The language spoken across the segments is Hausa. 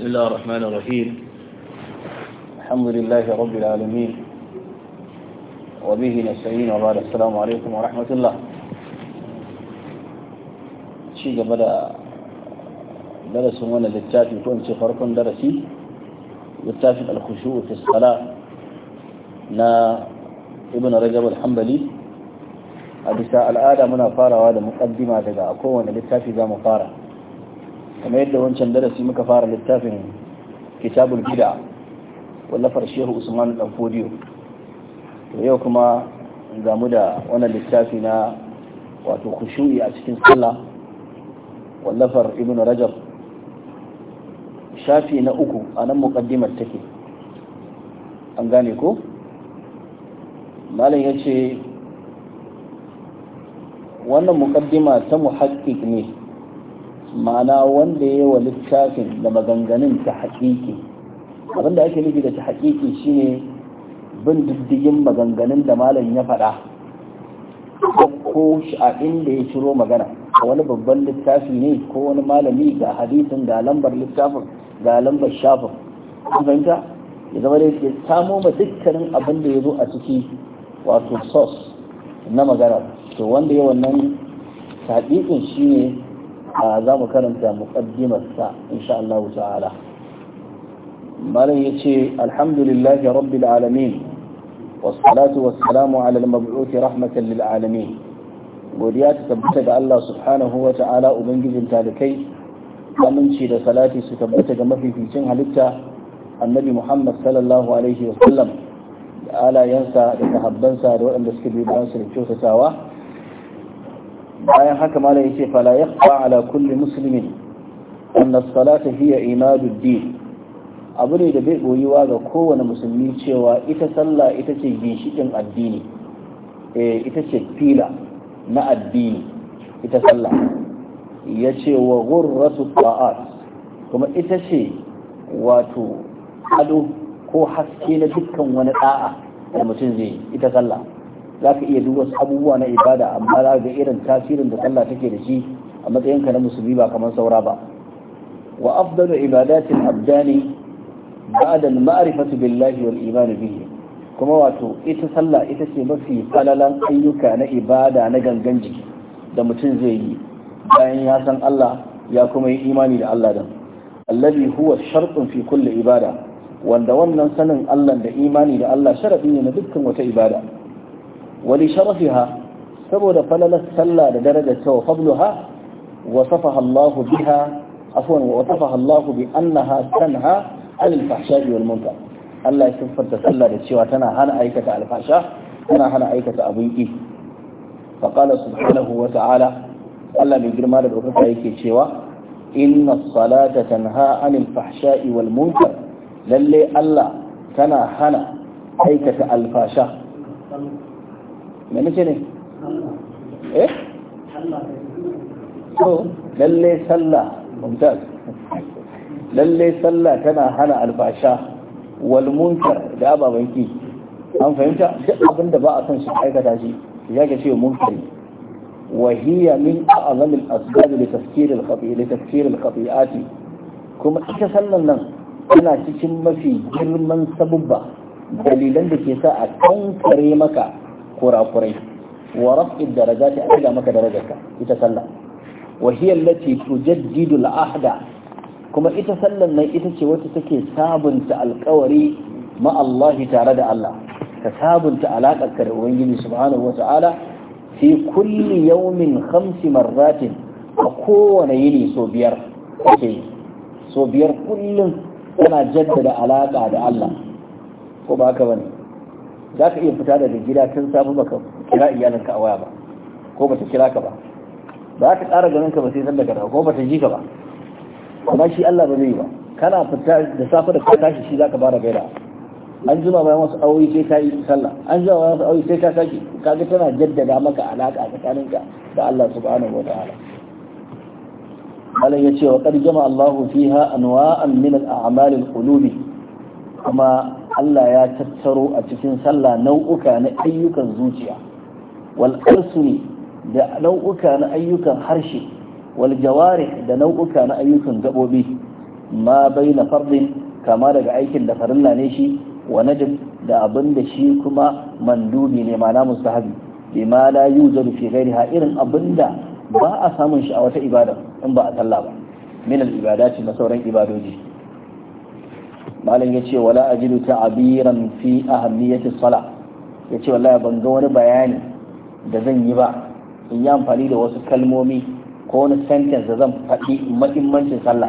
بسم الله الرحمن الرحيم الحمد لله رب العالمين وبه نستعين وبعد السلام عليكم ورحمة الله شيء بدأ درس من للتافي يكون فرق درسي يتافق الخشوع في الصلاة نا ابن رجب الحنبلي a bisa al'ada muna farawa da muƙaddima daga kowane littafi kama yadda wancan darasi muka fara littafin kitabul bid'a wallafar shehu usman dan fodiyo to yau kuma gamu da wannan littafi na wato khushu'i a cikin sallah wallafar ibnu rajab shafi na uku a nan muqaddimar take an gane ko malam ce wannan muqaddima ta muhaqqiq ne ma'ana wanda ya yi wa littafin da maganganun ta haƙiƙi abinda ake nufi da ta haƙiƙi shine bin diddigin maganganun da malam ya faɗa ko a inda ya ciro magana wani babban littafi ne ko wani malami ga hadisin ga lambar littafin ga lambar shafin an fahimta ya zama dai ya samo ma dukkanin abin da ya zo a ciki wato sos na magana to wanda ya wannan taɗiƙin shi ne za mu karanta muqaddimarsa insha Allah ta'ala malam yace alhamdulillahi rabbil alamin والصلاة والسلام على rahmatan رحمة alamin godiya ta tabbata ga Allah subhanahu wa ta'ala ubangijin talikai aminci da salati su tabbata ga mafificin halitta annabi Muhammad sallallahu alaihi wa sallam da alayansa da sahabbansa da waɗanda suka bi bayan su da kyautatawa bayan haka malam yake fala fa ala kulli muslimin anna salata hiya imadud din abu ne da bai boyuwa ga kowane musulmi cewa ita sallah ita ce ginshikin addini eh ita ce fila na addini ita sallah yace wa ghurratu ta'at kuma ita ce wato ado ko haske na dukkan wani da'a da mutum zai ita sallah za ka iya duk wasu abubuwa na ibada amma za ga irin tasirin da sallah take da shi a matsayinka na musulmi ba kamar saura ba wa afdalu ibadatil abdani ba'da al-ma'rifatu billahi wal iman bihi kuma wato ita sallah ita ce mafi falalan ayyuka na ibada na gangan jiki da mutum zai yi bayan ya san Allah ya kuma yi imani da Allah din allazi huwa shartun fi kulli ibada wanda wannan sanin Allah da imani da Allah sharadi ne na dukkan wata ibada wali sharafiha saboda falalar sallah da darajar cewa fadluha wasafaha Allah biha afwan wasafaha Allah bi annaha tanha anil fahsha'i Allah ya siffanta sallah da cewa tana hana aikata alfasha tana hana aikata abin ki faqala subhanahu wa ta'ala Allah mai girma da dokaka yake cewa inna salata tanha anil fahsha'i wal munkar lalle Allah tana hana aikata alfasha me nace eh? sallah tana hana albasha wal munkar da ababen ki an fahimta duk abin ba a son shi aikata shi ya ga cewa munkari wa hiya min a'zam al-asbab li tafkir al kuma ita sallan nan tana cikin mafi girman sabubba dalilan da ke sa a kankare maka kurakurai wa raf'i darajati a ga maka darajarka ita sallah wa hiya tujaddidu la'ahda. ahda kuma ita sallan nan ita ce wacce take sabunta alƙawari ma'allahi tare da Allah ka sabunta alaƙar ka da Ubangiji subhanahu wa ta'ala fi kulli yawmin khamsi marratin a kowane yini so biyar kake so biyar kullum kana jaddada alaƙa da Allah ko ba haka bane za ka iya fita daga gida tun safe baka kira iyalinka a waya ba ko ba ta kira ka ba ba ka ƙara ganin ka ba sai sanda ka ko ba ta ji ka ba Kuma shi Allah ba zai ba kana fita da safe da ka tashi shi zaka fara gaira an jima bayan wasu aure sai ta yi sallah an jima bayan wasu aure sai ta saki kaga tana jaddada maka alaka tsakaninka da Allah subhanahu wa ta'ala malam yace wa qad jama Allah fiha anwa'an min al-a'mal al-qulubi kuma Allah ya tattaro a cikin sallah nau'uka na ayyukan zuciya wal ne da nau'uka na ayyukan harshe wal jawari da nau'uka na ayyukan gabobi ma na fardin kama daga aikin da farilla ne shi wa najib da abin da shi kuma mandubi ne ma'ana mustahabi bima la yuzadu fi ghairiha irin abinda ba a samun shi a wata ibada in ba a sallah ba min al ibadati na sauran ibadoji malam ce wala ajidu abiran fi ahammiyati sala yace wallahi ban ga wani bayani da zan yi ba in yi amfani da wasu kalmomi ko wani sentence da zan faɗi mahimmancin sallah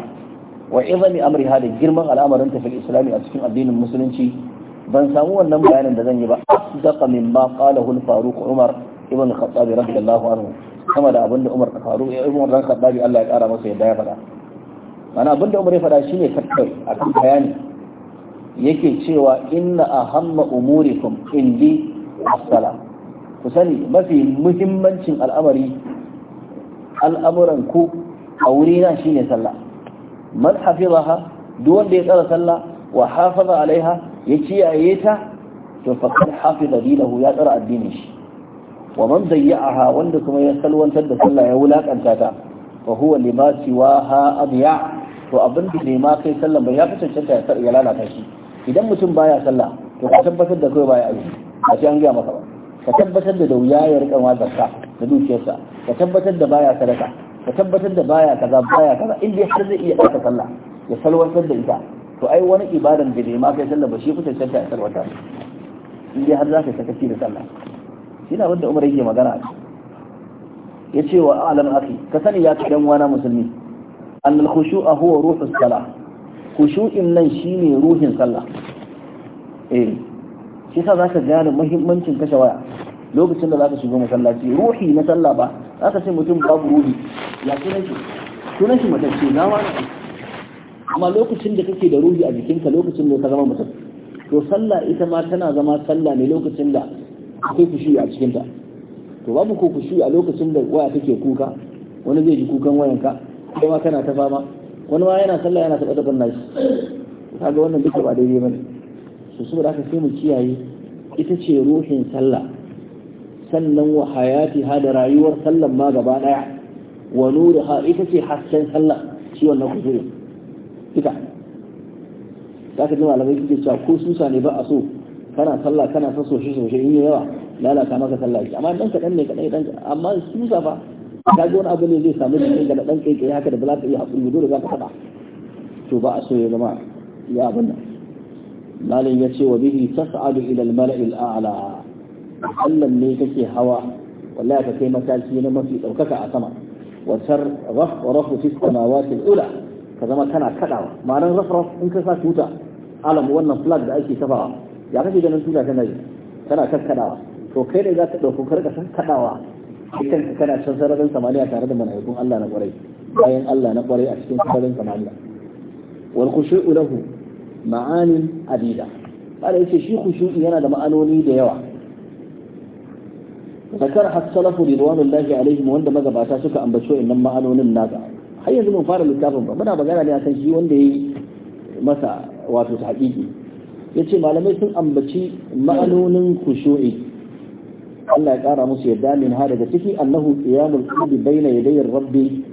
wa izami amriha da girman al'amarin tafiyar islami a cikin addinin musulunci ban samu wannan bayanin da zan yi ba asdaqa ma qalahu al-faruq umar ibn al-khattab radiyallahu anhu kama da abinda umar faru. faruq ibn eh, al-khattab Allah ya kara masa yadda ya faɗa mana abinda umar ya faɗa shine kakkai akan bayani yake cewa inna ahamma umurikum indi as ku sani mafi muhimmancin al'amari al'amuran ku a wuri na shine sallah man hafizaha duk wanda ya tsara sallah wa hafaza alaiha ya kiyaye ta to faqad hafiza dinahu ya tsara addinin shi wa man dayya'aha wanda kuma ya salwantar da sallah ya wulakanta ta fa huwa lima siwaha adiya to abin da ne ma kai Sallah ba ya fi cancanta ya lalata shi idan mutum baya sallah to ka tabbatar da kai baya aiki a sai an gaya maka ba ka tabbatar da dauya ya rika ma zakka da dukiyarsa ka tabbatar da baya sadaka ka tabbatar da baya kaza baya kaza in dai har zai iya ɗauka sallah ya salwantar da ita to ai wani ibadan da bai ma kai sallah ba shi fitar canta ya salwantar. in dai har za ka sakaci da sallah shi na wanda umar yake magana ya ce wa alam aki ka sani ya ci dan wana musulmi an al khushu'a huwa ruhus salah kushu'in nan shine ruhin sallah eh shi sa zaka gane muhimmancin kashe waya lokacin da zaka shiga masallaci ruhi na sallah ba zaka ce mutum babu ruhi ya sunan shi sunan shi matacce na ne amma lokacin da kake da ruhi a jikinka lokacin da ka zama mutum to sallah ita ma tana zama sallah ne lokacin da akwai kushi a cikinta to babu ko kushi a lokacin da waya take kuka wani zai ji kukan wayanka kai ma kana ta fama wani ma yana sallah yana taɓa taɓa nashi kaga wannan duka ba daidai bane su saboda haka sai mu kiyaye ita ce ruhin sallah sannan wa hayati ha da rayuwar sallan ma gaba daya wa nuru ha ita ce hasken sallah shi wannan kusurin ita za ka ji malamai suke cewa ko susa ne ba a so kana sallah kana son soshe soshe in yi yawa lalata maka sallah shi amma dan kaɗan ne kaɗan dan amma susa ba ka ga wani abu ne zai samu cikin ga dan kai kai haka da ba za ka iya hakuri dole za ka faɗa to ba a so ya zama ya abin nan malin ya ce wa bihi tas'alu ila al-mala'i al-a'la allan ne kake hawa wallahi ka kai mataki na mafi daukaka a sama wa sar raf raf fi samawati al-ula ka zama kana kadawa ma'anar raf raf in ka sa tuta alam wannan flag da ake kafawa ya kake ganin tuta tana yi tana kaskadawa to kai ne za ka dauko karka san kadawa dukkan kana can sararin samaniya tare da mala'ikun Allah na kwarai bayan Allah na kwarai a cikin sararin samaniya wal khushu'u lahu ma'anin adida bada yace shi khushu'i yana da ma'anoni da yawa zakar hasalafu ridwanullahi alaihim wanda magabata suka ambaci innan ma'anonin naka har yanzu mun fara littafin ba muna magana ne akan shi wanda yayi masa wato tahqiqi yace malamai sun ambaci ma'anonin khushu'i Allah ya kara musu yadda min ha daga ciki annahu qiyamul qalbi baina yaday rabbi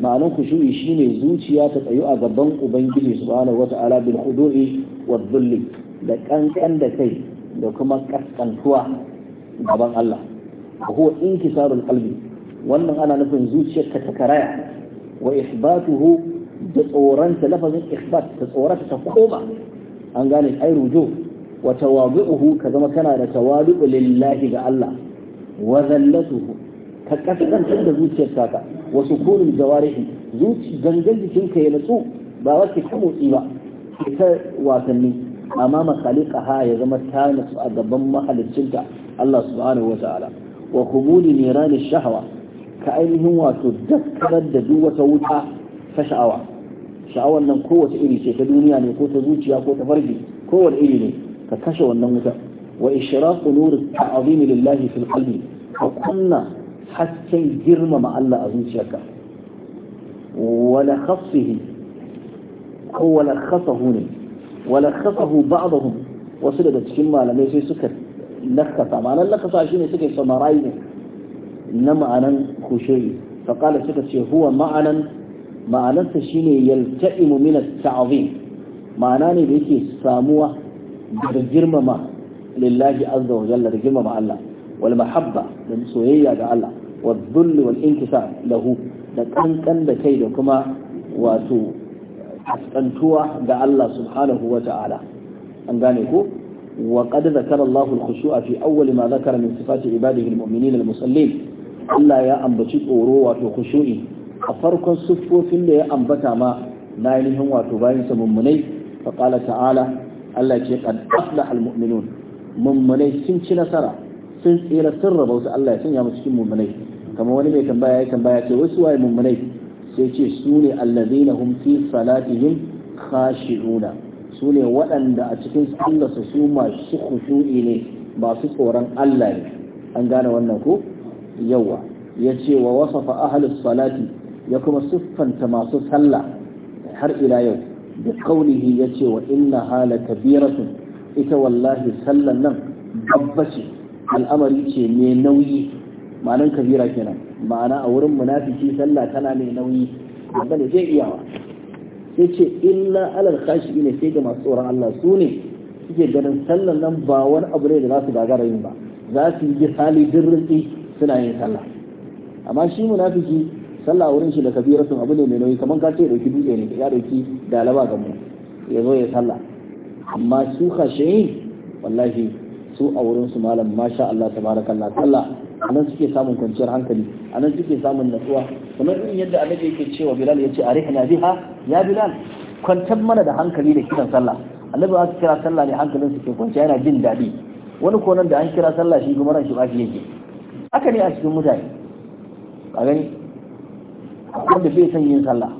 ma'anan khushu'i shine zuciya ta tsayu a gaban ubangiji subhanahu wata'ala bil khudu'i wad dhulli da kankan da kai da kuma kaskantuwa gaban Allah huwa inkisarul qalbi wannan ana nufin zuciyarka ta karaya wa ihbatuhu da tsoranta lafazin ihbat ta tsorata ta koma an gane ai rujo wa tawadhu'uhu ka zama kana da tawadu'u lillahi ga Allah wa zallatuhu ka kaskantar da zuciyarka ka wa sukunul jawarihi zuci gangan jikinka ya natsu ba ka motsi ba ita wasanni amma makhaliqaha ya zama ta natsu a gaban ta Allah subhanahu wa ta'ala wa kumuli niran shahwa ka ainihin wato daskarar da duk wata wuta ta sha'awa sha'awar nan kowace iri ce ta duniya ne ko ta zuciya ko ta farji kowace iri ne ka kashe wannan wuta wa ishraqu nur ta'zim lillahi fil qalbi ka kunna hasken girmama Allah a zuciyarka wala khafsihi ko wala khasahu ne wala khasahu ba'dahum wasu daga cikin malamai sai suka lakasa ma'anar lakasa shine suke samarai na ma'anan kushiri faƙala suka ce huwa ma'anan ma'anarsa shine yalta'imu min at ma'ana ne da yake samuwa da girmama lillahi azza wa jalla da girmama Allah wal mahabba da soyayya ga Allah wa dhull wal inkisa lahu da kankan da kai da kuma wato askantuwa ga Allah subhanahu wa ta'ala an gane ko وقد ذكر الله الخشوع في أول ما ذكر من صفات عباده al المصلين Allah ya ambaci tsoro wato khushu'i a farkon siffofin da ya ambata ma na ainihin wato bayan sa mummunai fa qala ta'ala Allah ce qad aflaha almu'minun mummunai sun ci nasara sun tsira sun raba wasu Allah ya sanya mu cikin mummunai kamar wani mai tambaya ya tambaya ce wasu waye mummunai sai ce su ne allazina hum fi salatihim khashi'una su ne waɗanda a cikin sallar su masu khushu'i ne masu tsoron Allah ne an gane wannan ko yawa ya ce wa wasafa ahlus salati ya kuma siffanta masu sallah har ila yau da kaunihi ya ce wa inna hala kabiratun ita wallahi sallan nan babba ce al'amari ce ne nauyi ma'anan kabira kenan ma'ana a wurin munafiki sallah tana mai nauyi amma ne zai iyawa sai ce illa alal khashi ne sai ga masu tsoron Allah su ne suke ganin sallan nan ba wani abu ne da za su gagara yin ba za su yi misali dirrin suna yin sallah amma shi munafiki sallah a wurin shi da sun abu ne mai nauyi kamar ka ce dauki dutse ne ya dauki dalaba ga mu ya zo ya sallah amma su kashe wallahi su a wurin su malam masha Allah tabarakallah sallah anan suke samun kwanciyar hankali anan suke samun natsuwa kamar irin yadda annabi yake cewa Bilal yace arihna biha ya Bilal kwantar mana da hankali da kiran sallah annabi aka kira sallah ne hankalin suke kwanciya yana jin daɗi wani konan da an kira sallah shi kuma ran shi ba shi yake haka ne a cikin mutane a gani wanda bai son yin sallah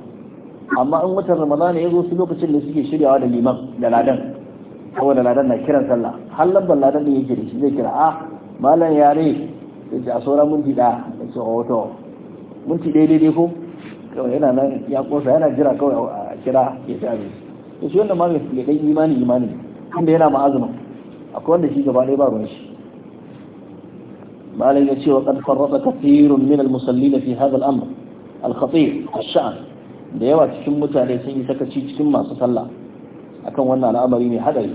amma in watan ramadana ya zo su lokacin da suke shiryawa da liman da ladan saboda ladan na kiran sallah har lambar ladan da yake da shi zai kira a ah, malam yare da ce a sauran minti da ya ce a wata minti ɗaya daidai oh, ko kawai yana nan ya kosa yana jira kawai a kira ya ci abinci to shi wanda malam ya ɗan imani imani inda yana ma'azuma akwai wanda shi gaba ɗaya ba ruwan shi malam ya ce wa kad farrada kathirun min al-musallina fi hadha al-amr al-khatir ash-sha'n da yawa cikin mutane sun yi sakaci cikin masu sallah akan wannan al'amari mai hadari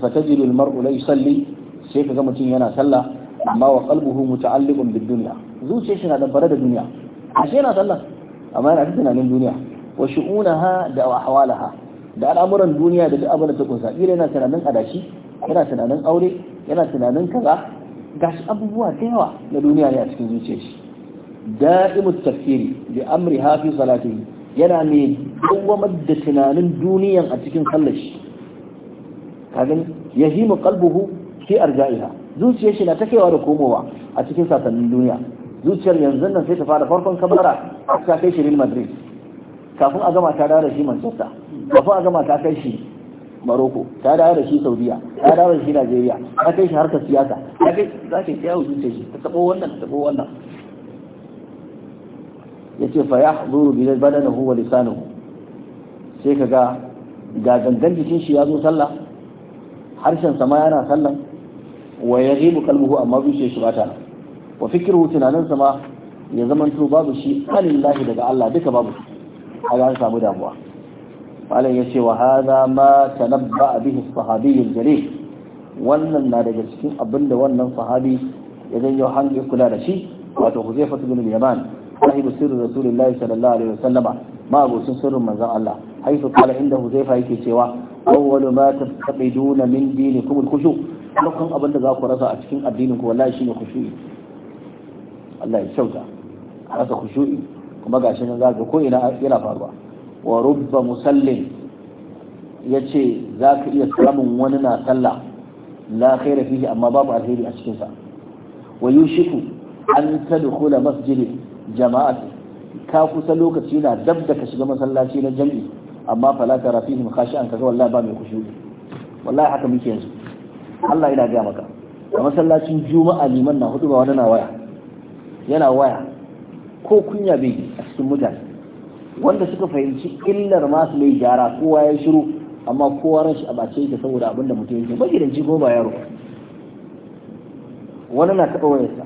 fatajidu al-mar'u la yusalli sai kaga mutum yana sallah amma wa qalbuhu muta'alliqun bid-dunya zuciyar shi na dabare da duniya ashe yana sallah amma yana tunanin duniya wa shu'unaha da ahwalaha da al'amuran duniya da duk abin da ta kunsa yana tunanin adashi yana tunanin aure yana tunanin kaza gashi abubuwa da yawa na duniya ne a cikin zuciyar shi da'imu tafsiri bi amri hafi salatihi yana mai dawamar da tunanin duniyan a cikin sallar shi ka gani yahimu qalbuhu fi arja'iha zuciyar shi na ta kaiwa da komowa a cikin sasannin duniya zuciyar yanzu nan sai ta fara farkon kabara ta kai shi Real Madrid kafin a gama ta dawo da shi Manchester kafin a gama ta kai shi Maroko ta dawo da shi Saudiya ta dawo da shi Najeriya ta kai shi harkar siyasa ta kai za ka yi yawo zuciyar shi ta tabo wannan ta tabo wannan yace fa yahduru bi na wa lisanahu sai kaga ga gangan jikin shi ya zo sallah harshen sama yana sallan wa yaghibu qalbuhu amma zuciyar shi bata wa fikruhu tunanin sama ya zamanto babu shi alillahi daga Allah duka babu a an samu damuwa malam yace wa hadha ma tanabba bihi sahabi al wannan na daga cikin abinda wannan sahabi ya janyo hange kula da shi wato huzaifa bin Yaman sahibu sirri rasulullahi sallallahu alaihi wasallama ma abokin sirrin manzon Allah haifu kala inda huzaifa yake cewa awwalu ma tafqiduna min dinikum al-khushu dukkan abin da za ku rasa a cikin addinin ku wallahi shine Allah ya kyauta rasa khushu'i kuma gashi nan zaka ko ina yana faruwa wa rubba musallin yace zaka iya samun wani na sallah la khaira fihi amma babu alheri a cikinsa. sa wa yushiku jama'a ka kusa lokaci na dab da ka shiga masallaci na jami'i amma fala mu fihim khashi'an kaga wallahi ba mai kushuri wallahi haka muke yanzu Allah yana ga maka a masallacin juma'a liman na hudu ba wani na waya yana waya ko kunya bai a cikin mutane wanda suka fahimci illar masu mai gyara kowa ya shiru amma kowa ran shi a bace yake saboda abinda mutum yake magidanci ko ba yaro wani na taɓa wayarsa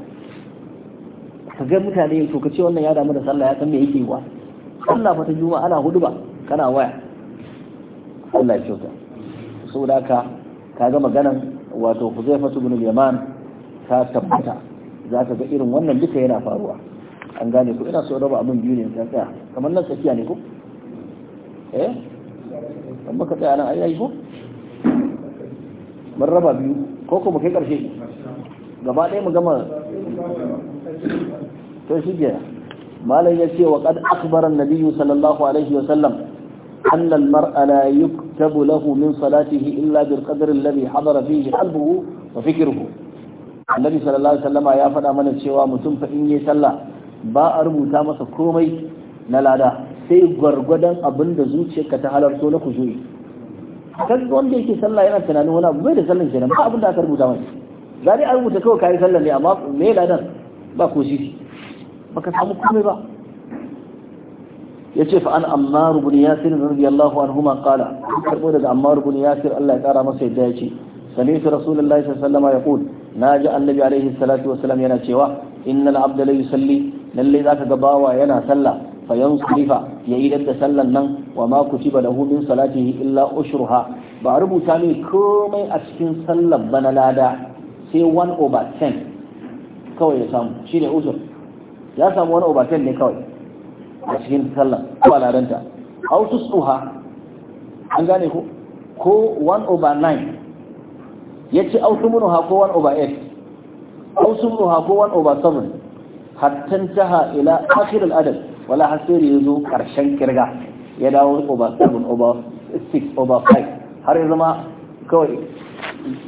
ka ga mutane to ka ce wannan ya damu da sallah ya san me yake wa sallah fa ta juma'a ana hudu ba kana waya Allah ya kyauta so da ka ga maganan wato Huzaifatu ibn Yaman ta tabbata za ka ga irin wannan duka yana faruwa an gane ko ina so raba abin biyu ne ta tsaya kamar nan tsakiya ne ko eh Amma ka tsaya nan ayi ko mun raba biyu ko kuma kai karshe gaba ɗaya mu gama to shi ke malam ya ce wa kad akbar annabiyyu sallallahu alaihi wasallam أن المرء لا يكتب له من صلاته إلا بالقدر الذي حضر فيه قلبه وفكره النبي صلى الله عليه وسلم ya فدا mana cewa mutum fa in yi sallah ba a rubuta masa komai na lada sai gwargwadon abin da zuciyarka ta halarto na kujuri kan wanda yake sallah yana tunanin wani abu bai da sallan kenan ba abin da aka rubuta mai zai a rubuta kawai kayi sallah ne amma me ladan ba ko shi baka samu komai ba yace fa an ammar ibn yasir radiyallahu anhuma qala karbo daga ammar ibn yasir Allah ya kara masa yadda yace sami'tu rasulullahi sallallahu alaihi wasallam yaqul naji annabi alaihi salatu wasallam yana cewa innal abda la yusalli lalle zaka ga bawa yana sallah fa yansrifa ya idar da sallan nan wa ma kutiba lahu min salatihi illa ushruha ba rubuta ne komai a cikin sallar bana lada sai 1 over 10 kawai ya samu shi ne usul ya samu wani obatel ne kawai a cikin sallah ko a laranta aw tusuha an gane ko ko 1 over 9 ya yace aw uha ko 1 over 8 aw uha ko 1 over 7 hatta taha ila akhir al-adad wala hasiri yazo karshen kirga ya dawo over 7 over 6 over 5 har ya zama kawai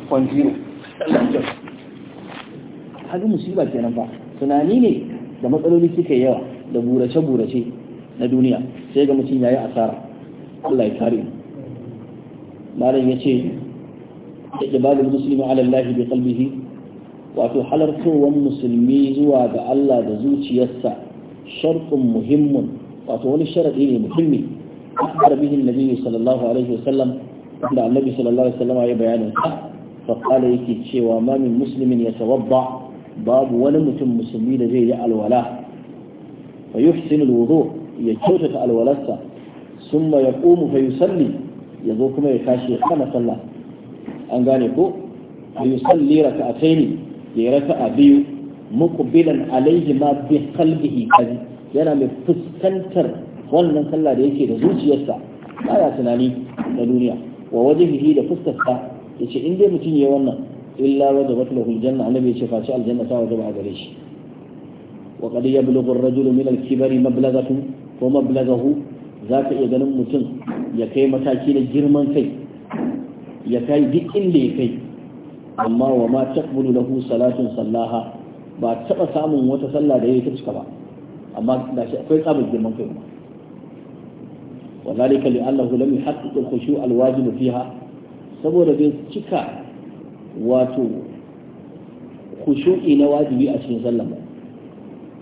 point zero kaga musiba kenan ba tunani ne da matsaloli suke yawa da burace burace na duniya sai ga mutum yayi asara Allah ya kare malam yace iqbalul muslimi ala Allah bi qalbihi wato halartowar musulmi zuwa ga Allah da zuciyarsa shartun muhimmun wato wani sharadi ne muhimmi akbar bihi annabi sallallahu alaihi wasallam da annabi sallallahu alaihi wasallam ya bayanin sa fa qala yake cewa ma min ya yatawadda babu wani mutum musulmi da zai yi alwala fa yuhsinu alwudu ya kyautata alwalarsa summa yaqumu fa yusalli yazo kuma ya tashi ya kama sallah an gane ko fa yusalli raka'ataini ya raka'a biyu muqbilan alayhi ma bi qalbihi kazi yana mai fuskantar wannan sallah da yake da zuciyarsa baya tunani na duniya wa wajhihi da fuskarsa yace in dai mutum yayi wannan illa wajaba lahu aljanna annabi ya ce fashi aljanna ta wajaba a gare shi wa qad yablughu ar-rajulu min al-kibari mablaghahu ko mablaghahu zaka iya ganin mutum ya kai mataki na girman kai ya kai duk inda ya kai amma wa ma taqbulu lahu salatun sallaha ba taba samun wata sallah da ta cika ba amma shi akwai tsabar girman kai kuma وذلك لأنه لم يحقق الخشوع الواجب فيها saboda bai cika wato khushu'i na wajibi a cikin sallah ba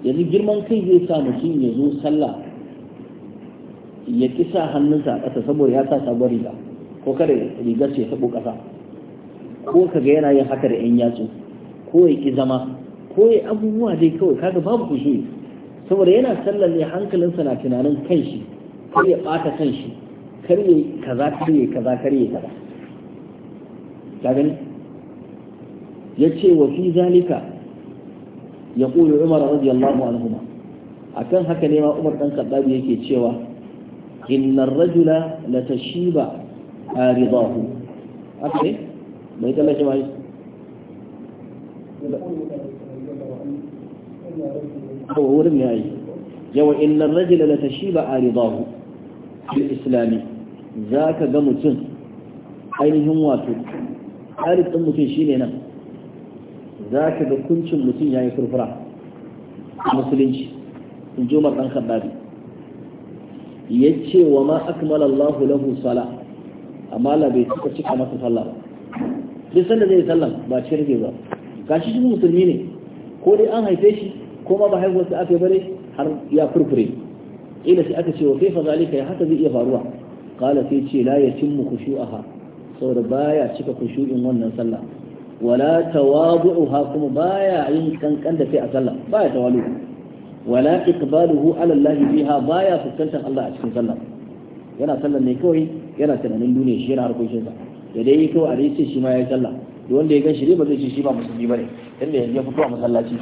yanzu girman kai zai sa mutum ya zo sallah ya kisa hannunsa a ƙasa saboda ya sa sabon riga ko kada rigar ce taɓo ƙasa ko kaga yana yin haka da 'yan yatsu ko ya ƙi zama ko ya abubuwa dai kawai kaga babu kushu'i saboda yana sallar ne hankalinsa na tunanin kanshi kar ya ɓata kanshi kar ya kaza kar ya kaza kar ya kaza yace wa fi zalika yaqulu umar radiyallahu A kan haka ne ma umar dan kaddabi yake cewa innar rajula la tashiba aridahu akai mai kallon shi mai ko wurin ne ai yawa innar rajula la tashiba aridahu fil islami ka ga mutum ainihin wato aridin mutum shine nan za ka ga kuncin mutum ya yi furfura musulunci in ji umar ɗan kaddari ya ce wa ma aka Allahu lahu sala amma la bai cika cika masa sallah ba duk sanda zai sallah ba ce rage ba ga shi musulmi ne ko dai an haife shi ko ma ba haihuwarsa aka yi bare har ya furfure ila sai aka ce wa kaifa zalika ya haka zai iya faruwa Kala sai ce la yatimmu khushu'aha saboda baya cika khushu'in wannan sallah wala tawadu'uha kuma baya yin kankan da kai a sallah baya tawalu wala iqbaluhu ala Allah biha baya fuskantar Allah a cikin sallah yana sallah ne kawai yana tunanin duniya shi yana harkokin sa da dai kawai a dai shi ma yayi sallah duk wanda ya gan shi ba zai ce shi ba musulmi bane inda yanzu ya fito a masallaci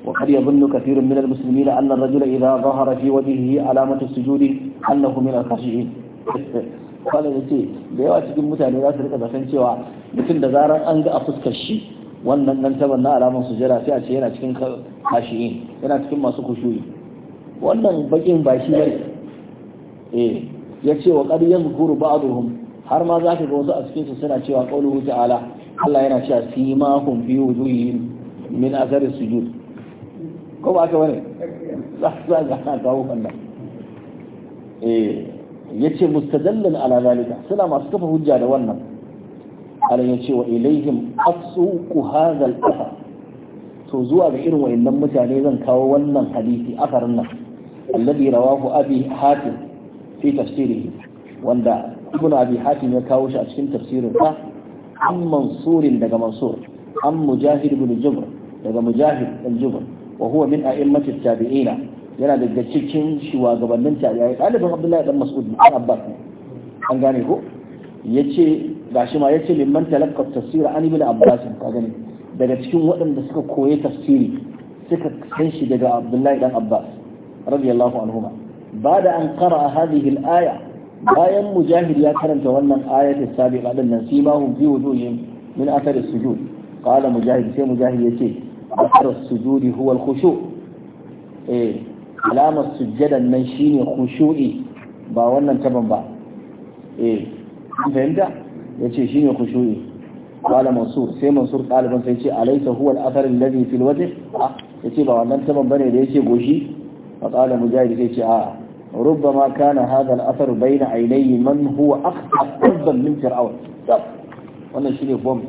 وقد يظن كثير من المسلمين أن الرجل إذا ظهر في وجهه علامة السجود أنه من الخاشعين kwallo da ce da yawa cikin mutane za su rika zaton cewa mutum da zarar an ga a fuskar shi wannan nan taban na alaman jira sai a ce yana cikin kashiyin yana cikin masu kushuri wannan bakin ba shi ne? eh ya ce wa qad yazkuru ba'dhum har ma za ka ga wasu a cikin su suna cewa qawluhu ta'ala Allah yana cewa hum fi wujuhihim min athari sujud ko ba ka wani? za ka ga kawo wannan eh yace mustadallan ala zalika suna masu kafa hujja da wannan ya ce wa ilaihim asuqu ku al-athar to zuwa ga irin wayannan mutane zan kawo wannan hadisi akarin nan alladhi rawahu abi hatim fi tafsirihi wanda ibnu abi hatim ya kawo shi a cikin tafsirin sa an mansurin daga mansur an mujahid ibn jubr daga mujahid ibn jubr wa huwa min a'immatit tabi'ina yana daga cikin shugabannin tabi'ai ɗalibin abdullahi dan mas'ud ne abbas ne an gane ko Ya yace gashi ma yace limman talaqqa tafsir an ibn abbas ka gani daga cikin waɗanda suka koyi tafsiri suka san shi daga abdullahi dan abbas radiyallahu anhuma بعد أن قرأ هذه Aya, bayan mujahid ya karanta wannan ayatul sabiqa din nan sima hum fi wujuhihim min athar as-sujud qala mujahid sai mujahid ya ce, as-sujud huwa al-khushu' eh alamar sujjadan nan shine khushu'i ba wannan taban ba eh kun fahimta yace shine khushu'i qala mansur sai mansur ɗaliban sai ce alaysa huwa al-athar alladhi fil wajh yace ba wannan taban bane da yake goshi fa qala mujahid sai ce a ربما كان هذا الأثر بين عيني من هو أخطأ أرضا من فرعون wannan shi ne bom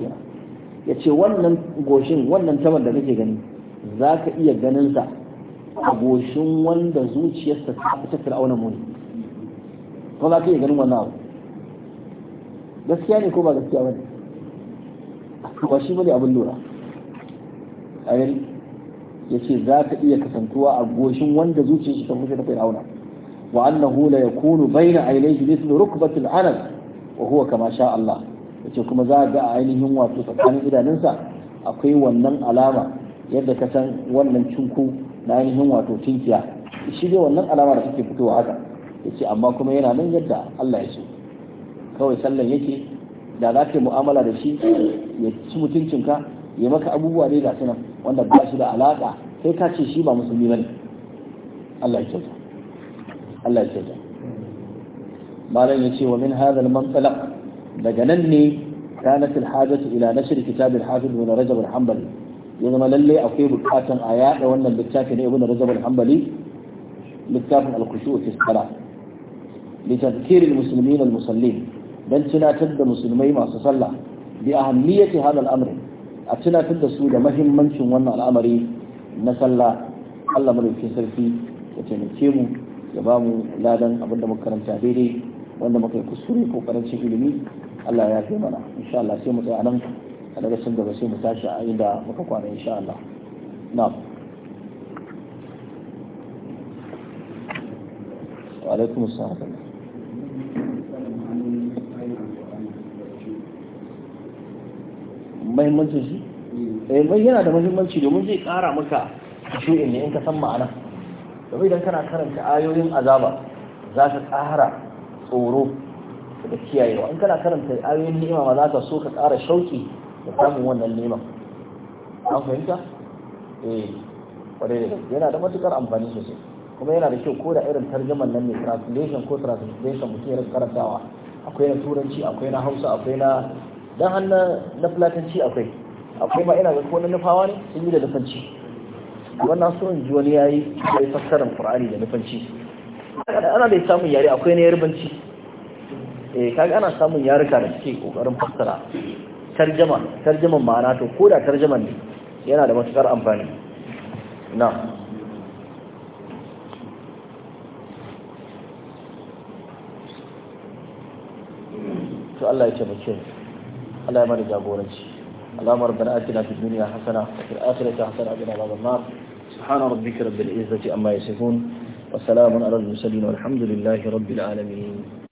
ya ce wannan goshin wannan taban da kake gani za ka iya ganinsa a goshin wanda zuciyarsa ta fita fir'auna muni ko za ka iya ganin wannan abu gaskiya ne ko ba gaskiya ba ne? ba shi ba ne, abin lura a gani ya ce za ka iya kasantuwa a goshin wanda zuciyarsa ta fita fir'auna wa annahu la yakunu bayna aynayhi mithlu rukbatil anam wa huwa kama sha Allah yace kuma za ga a ainihin wato tsakanin idanunsa akwai wannan alama yadda ka san wannan cinku na ainihin wato tinkiya shi dai wannan alama da take fitowa haka yace amma kuma yana nan yadda Allah ya so kawai sallan yake da za ka yi mu'amala da shi ya ci mutuncinka ya maka abubuwa dai ga sunan wanda ba shi da alaka sai ka ce shi ba musulmi bane Allah ya ce Allah ya kyauta malam ce wa min hadha al daga nan ne ila na إلى نشر كتاب الحافظ na رجب الحنبلي ya zama lalle akwai bukatan a yada wannan littafi na ibn rajab al-hanbali littafin al-khushu fi salat li tadhkir al-muslimin al-musallin dan tunatar da musulmai masu sallah bi ahammiyati hadha al-amr a tunatar da su da mahimmancin wannan al'amari na sallah Allah madaukakin sarki ya taimake mu ya ba mu ladan abinda muka karanta daidai wanda muka yi kuskure ko karancin ilimi Allah ya kai mana insha Allah sai mu tsaya nan a darasin gaba sai mu tashi a inda muka kwana insha Allah na'am wa alaikum assalam mahimmancin shi eh yana da mahimmanci domin zai kara maka shi'in ne in ka san ma'ana domin idan kana karanta ayoyin azaba za ka kara tsoro da kiyayewa in kana karanta ayoyin ni'ima ma za ka so ka kara shauki da samun wannan neman an fahimta eh kwarai yana da matukar amfani sosai kuma yana da kyau ko da irin tarjaman nan ne translation ko translation mutum yana karantawa akwai na turanci akwai na hausa akwai na dan hannu na fulatanci akwai akwai ma ina ga ko na nufawa ne sun yi da nufanci wannan so in ji wani yayi sai fassarar qur'ani da nufanci ana da samun yare akwai na yarbanci eh kaga ana samun yaruka da suke kokarin fassara tarjama tarjaman ma'ana to koda da tarjaman ne yana da matukar amfani na to Allah ya ce bakin Allah ya mara jagoranci Allahumma rabbana atina fid dunya